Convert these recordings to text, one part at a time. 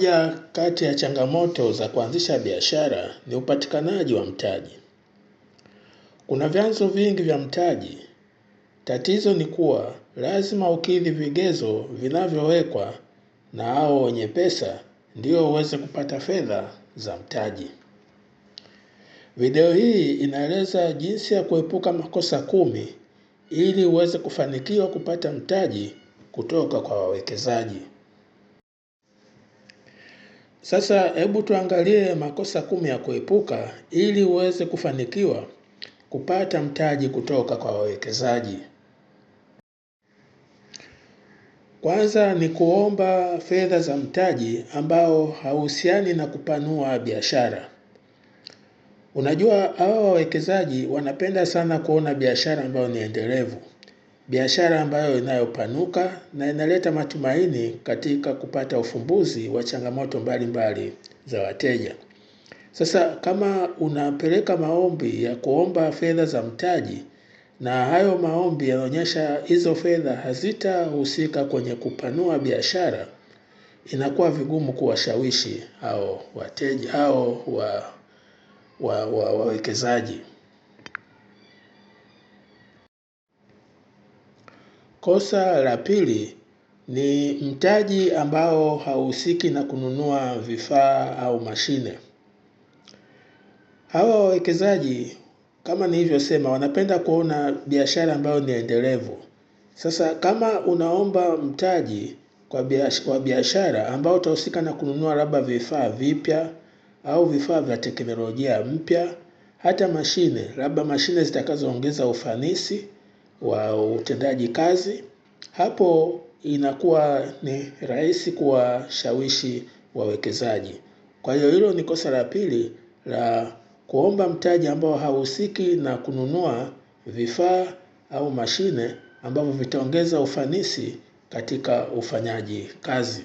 Moja kati ya changamoto za kuanzisha biashara ni upatikanaji wa mtaji. Kuna vyanzo vingi vya mtaji. Tatizo ni kuwa lazima ukidhi vigezo vinavyowekwa na hao wenye pesa ndio uweze kupata fedha za mtaji. Video hii inaeleza jinsi ya kuepuka makosa kumi ili uweze kufanikiwa kupata mtaji kutoka kwa wawekezaji. Sasa hebu tuangalie makosa kumi ya kuepuka ili uweze kufanikiwa kupata mtaji kutoka kwa wawekezaji. Kwanza ni kuomba fedha za mtaji ambao hauhusiani na kupanua biashara. Unajua hawa wawekezaji wanapenda sana kuona biashara ambayo ni endelevu biashara ambayo inayopanuka na inaleta matumaini katika kupata ufumbuzi wa changamoto mbalimbali mbali za wateja. Sasa kama unapeleka maombi ya kuomba fedha za mtaji na hayo maombi yanaonyesha hizo fedha hazitahusika kwenye kupanua biashara, inakuwa vigumu kuwashawishi hao wateja hao wa wawekezaji wa, wa Kosa la pili ni mtaji ambao hauhusiki na kununua vifaa au mashine. Hawa wawekezaji kama nilivyosema, wanapenda kuona biashara ambayo ni endelevu. Sasa kama unaomba mtaji kwa biashara ambao utahusika na kununua labda vifaa vipya au vifaa vya teknolojia mpya, hata mashine labda mashine zitakazoongeza ufanisi wa utendaji kazi. Hapo inakuwa ni rahisi kuwashawishi wawekezaji. Kwa hiyo hilo ni kosa la pili la kuomba mtaji ambao hauhusiki na kununua vifaa au mashine ambavyo vitaongeza ufanisi katika ufanyaji kazi.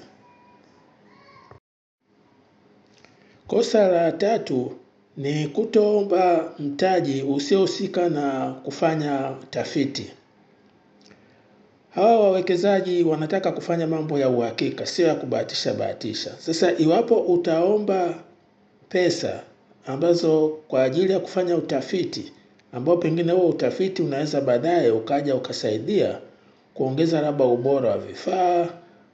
Kosa la tatu ni kutoomba mtaji usiohusika na kufanya tafiti. Hawa wawekezaji wanataka kufanya mambo ya uhakika, sio ya kubahatisha bahatisha. Sasa iwapo utaomba pesa ambazo kwa ajili ya kufanya utafiti ambao pengine huo utafiti unaweza baadaye ukaja ukasaidia kuongeza labda ubora wa vifaa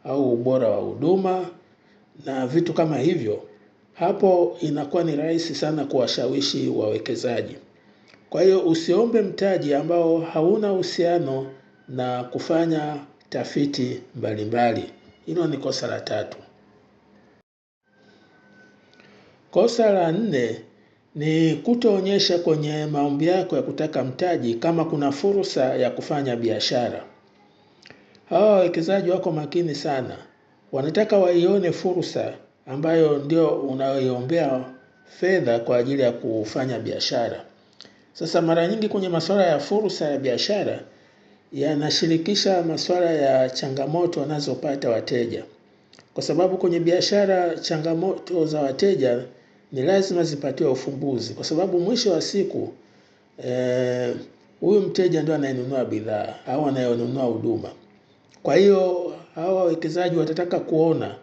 au ubora wa huduma na vitu kama hivyo, hapo inakuwa ni rahisi sana kuwashawishi wawekezaji. Kwa hiyo usiombe mtaji ambao hauna uhusiano na kufanya tafiti mbalimbali. Hilo ni kosa la tatu. Kosa la nne ni kutoonyesha kwenye maombi yako ya kutaka mtaji kama kuna fursa ya kufanya biashara. Hawa wawekezaji wako makini sana, wanataka waione fursa ambayo ndio unayoiombea fedha kwa ajili ya kufanya biashara. Sasa mara nyingi kwenye masuala ya fursa ya biashara yanashirikisha masuala ya changamoto wanazopata wateja, kwa sababu kwenye biashara changamoto za wateja ni lazima zipatiwe ufumbuzi, kwa sababu mwisho wa siku eh, huyu e, mteja ndio anayenunua bidhaa au anayenunua huduma. Kwa hiyo hawa wawekezaji watataka kuona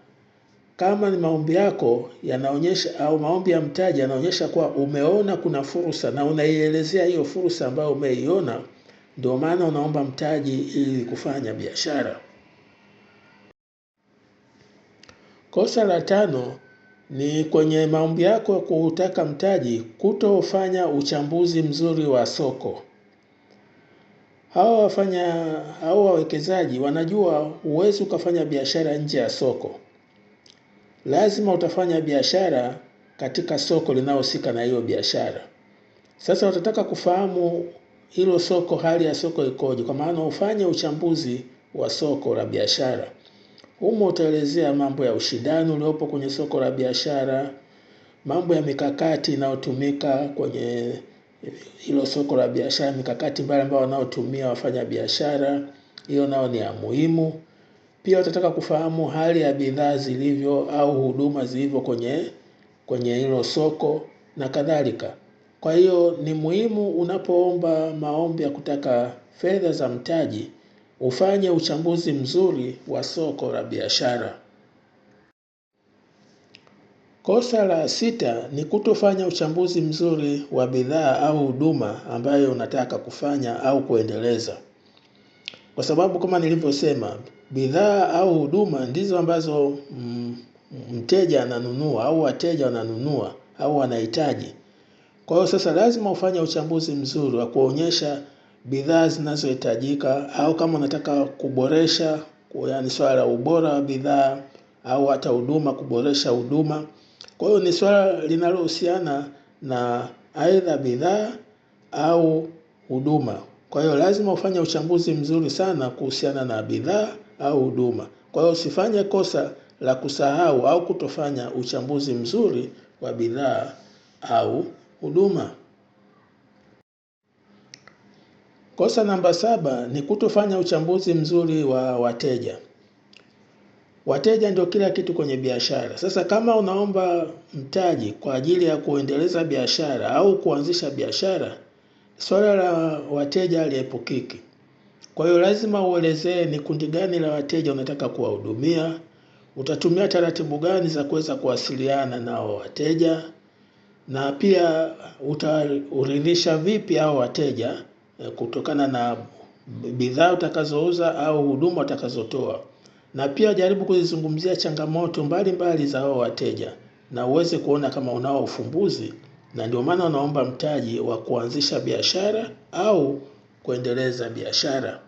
kama ni maombi yako yanaonyesha au maombi ya mtaji yanaonyesha kuwa umeona kuna fursa na unaielezea hiyo fursa ambayo umeiona, ndio maana unaomba mtaji ili kufanya biashara. Kosa la tano ni kwenye maombi yako ya kutaka mtaji kutofanya uchambuzi mzuri wa soko. Hawa wafanya hawa wawekezaji wanajua huwezi ukafanya biashara nje ya soko lazima utafanya biashara katika soko linalohusika na hiyo biashara. Sasa watataka kufahamu hilo soko, hali ya soko ikoje, kwa maana ufanye uchambuzi wa soko la biashara. Humo utaelezea mambo ya ushindani uliopo kwenye soko la biashara, mambo ya mikakati inayotumika kwenye hilo soko la biashara, mikakati mbalimbali wanaotumia wafanya biashara, hiyo nao ni ya muhimu. Pia watataka kufahamu hali ya bidhaa zilivyo au huduma zilivyo kwenye kwenye hilo soko na kadhalika. Kwa hiyo ni muhimu unapoomba maombi ya kutaka fedha za mtaji ufanye uchambuzi mzuri wa soko la biashara. Kosa la sita ni kutofanya uchambuzi mzuri wa bidhaa au huduma ambayo unataka kufanya au kuendeleza kwa sababu kama nilivyosema, bidhaa au huduma ndizo ambazo mm, mteja ananunua au wateja wananunua au wanahitaji. Kwa hiyo sasa lazima ufanye uchambuzi mzuri wa kuonyesha bidhaa zinazohitajika au kama unataka kuboresha, yaani swala la ubora wa bidhaa au hata huduma, kuboresha huduma. Kwa hiyo ni swala linalohusiana na aidha bidhaa au huduma. Kwa hiyo lazima ufanye uchambuzi mzuri sana kuhusiana na bidhaa au huduma. Kwa hiyo usifanye kosa la kusahau au kutofanya uchambuzi mzuri wa bidhaa au huduma. Kosa namba saba ni kutofanya uchambuzi mzuri wa wateja. Wateja ndio kila kitu kwenye biashara. Sasa kama unaomba mtaji kwa ajili ya kuendeleza biashara au kuanzisha biashara, Swala la wateja liepukiki. Kwa hiyo lazima uelezee ni kundi gani la wateja unataka kuwahudumia, utatumia taratibu gani za kuweza kuwasiliana na wateja, na pia utaurinisha vipi hao wateja eh, kutokana na bidhaa utakazouza au huduma utakazotoa. Na pia jaribu kuzizungumzia changamoto mbalimbali za hao wateja na uweze kuona kama unao ufumbuzi na ndio maana wanaomba mtaji wa kuanzisha biashara au kuendeleza biashara.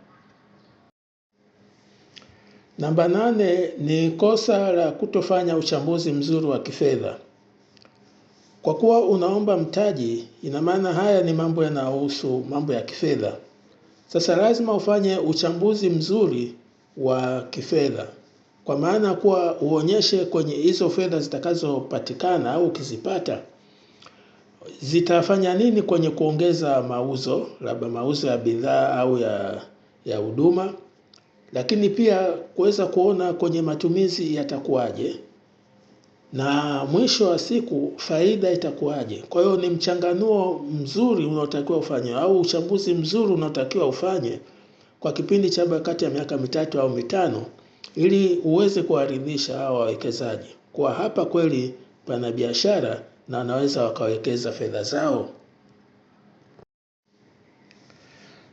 Namba nane ni kosa la kutofanya uchambuzi mzuri wa kifedha. Kwa kuwa unaomba mtaji, ina maana haya ni mambo yanayohusu mambo ya kifedha. Sasa lazima ufanye uchambuzi mzuri wa kifedha, kwa maana kuwa uonyeshe kwenye hizo fedha zitakazopatikana au ukizipata zitafanya nini kwenye kuongeza mauzo, labda mauzo ya bidhaa au ya ya huduma, lakini pia kuweza kuona kwenye matumizi yatakuwaje, na mwisho wa siku faida itakuwaje. Kwa hiyo ni mchanganuo mzuri unaotakiwa ufanywe au uchambuzi mzuri unaotakiwa ufanywe kwa kipindi cha kati ya miaka mitatu au mitano, ili uweze kuwaridhisha hawa wawekezaji kuwa hapa kweli pana biashara na wanaweza wakawekeza fedha zao.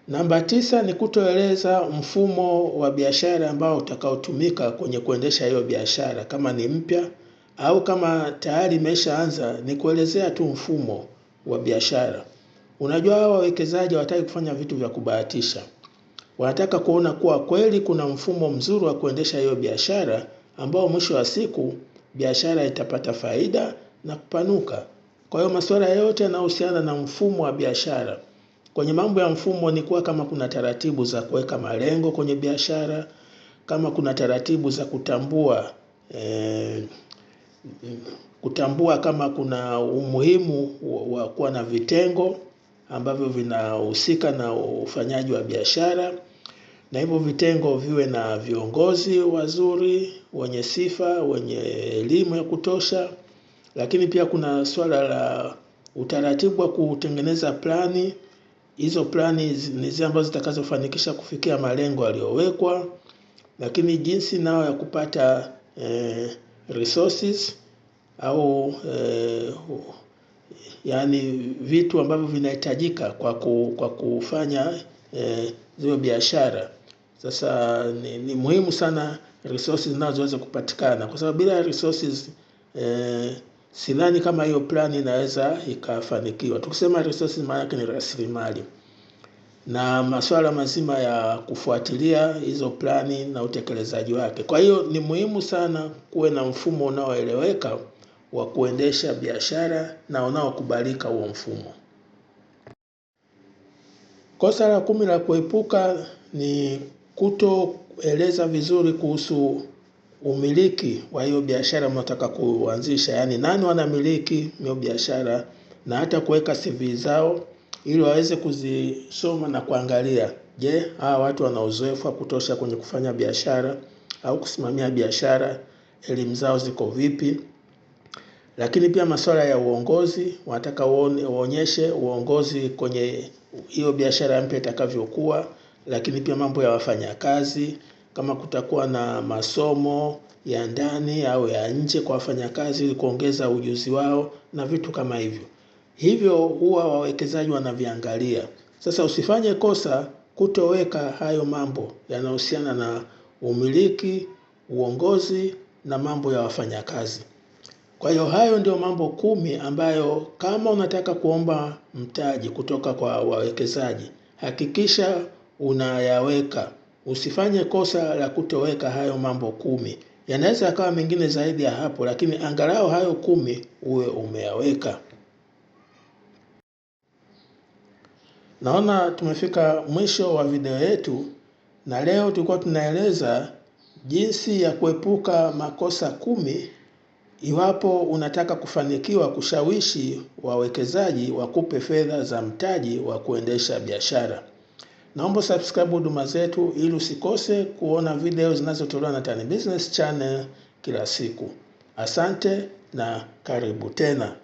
Namba tisa ni kutoeleza mfumo wa biashara ambao utakaotumika kwenye kuendesha hiyo biashara, kama ni mpya au kama tayari imeshaanza, ni kuelezea tu mfumo wa biashara. Unajua, hao wawekezaji hawataki kufanya vitu vya kubahatisha, wanataka kuona kuwa kweli kuna mfumo mzuri wa kuendesha hiyo biashara ambao mwisho wa siku biashara itapata faida na kupanuka. Kwa hiyo masuala yote yanayohusiana na mfumo wa biashara, kwenye mambo ya mfumo ni kuwa kama kuna taratibu za kuweka malengo kwenye biashara, kama kuna taratibu za kutambua eh, kutambua kama kuna umuhimu wa kuwa na vitengo ambavyo vinahusika na ufanyaji wa biashara, na hivyo vitengo viwe na viongozi wazuri wenye sifa, wenye elimu ya kutosha lakini pia kuna swala la utaratibu wa kutengeneza plani. Hizo plani ni zile ambazo zitakazofanikisha kufikia malengo yaliyowekwa, lakini jinsi nao ya kupata eh, resources au eh, yaani vitu ambavyo vinahitajika kwa, ku, kwa kufanya eh, ziwe biashara. Sasa ni, ni muhimu sana resources ziweze kupatikana kwa sababu bila resources eh, sidhani kama hiyo plani inaweza ikafanikiwa. Tukisema resources maana yake ni rasilimali, na masuala mazima ya kufuatilia hizo plani na utekelezaji wake. Kwa hiyo ni muhimu sana kuwe na mfumo unaoeleweka wa kuendesha biashara na unaokubalika huo mfumo. Kosa la kumi la kuepuka ni kutoeleza vizuri kuhusu umiliki wa hiyo biashara mnataka kuanzisha, yaani nani wanamiliki hiyo biashara, na hata kuweka CV zao ili waweze kuzisoma na kuangalia, je, hawa watu wana uzoefu wa kutosha kwenye kufanya biashara au kusimamia biashara, elimu zao ziko vipi. Lakini pia masuala ya uongozi, wanataka uonyeshe uongozi kwenye hiyo biashara mpya itakavyokuwa, lakini pia mambo ya wafanyakazi kama kutakuwa na masomo ya ndani au ya nje kwa wafanyakazi ili kuongeza ujuzi wao na vitu kama hivyo. Hivyo huwa wawekezaji wanaviangalia. Sasa usifanye kosa kutoweka hayo mambo yanayohusiana na umiliki, uongozi na mambo ya wafanyakazi. Kwa hiyo hayo ndio mambo kumi ambayo kama unataka kuomba mtaji kutoka kwa wawekezaji, hakikisha unayaweka. Usifanye kosa la kutoweka hayo mambo kumi. Yanaweza yakawa mengine zaidi ya hapo, lakini angalau hayo kumi uwe umeyaweka. Naona tumefika mwisho wa video yetu, na leo tulikuwa tunaeleza jinsi ya kuepuka makosa kumi iwapo unataka kufanikiwa kushawishi wawekezaji wakupe fedha za mtaji wa kuendesha biashara. Naomba subscribe huduma zetu ili usikose kuona video zinazotolewa na Tan Business Channel kila siku. Asante na karibu tena.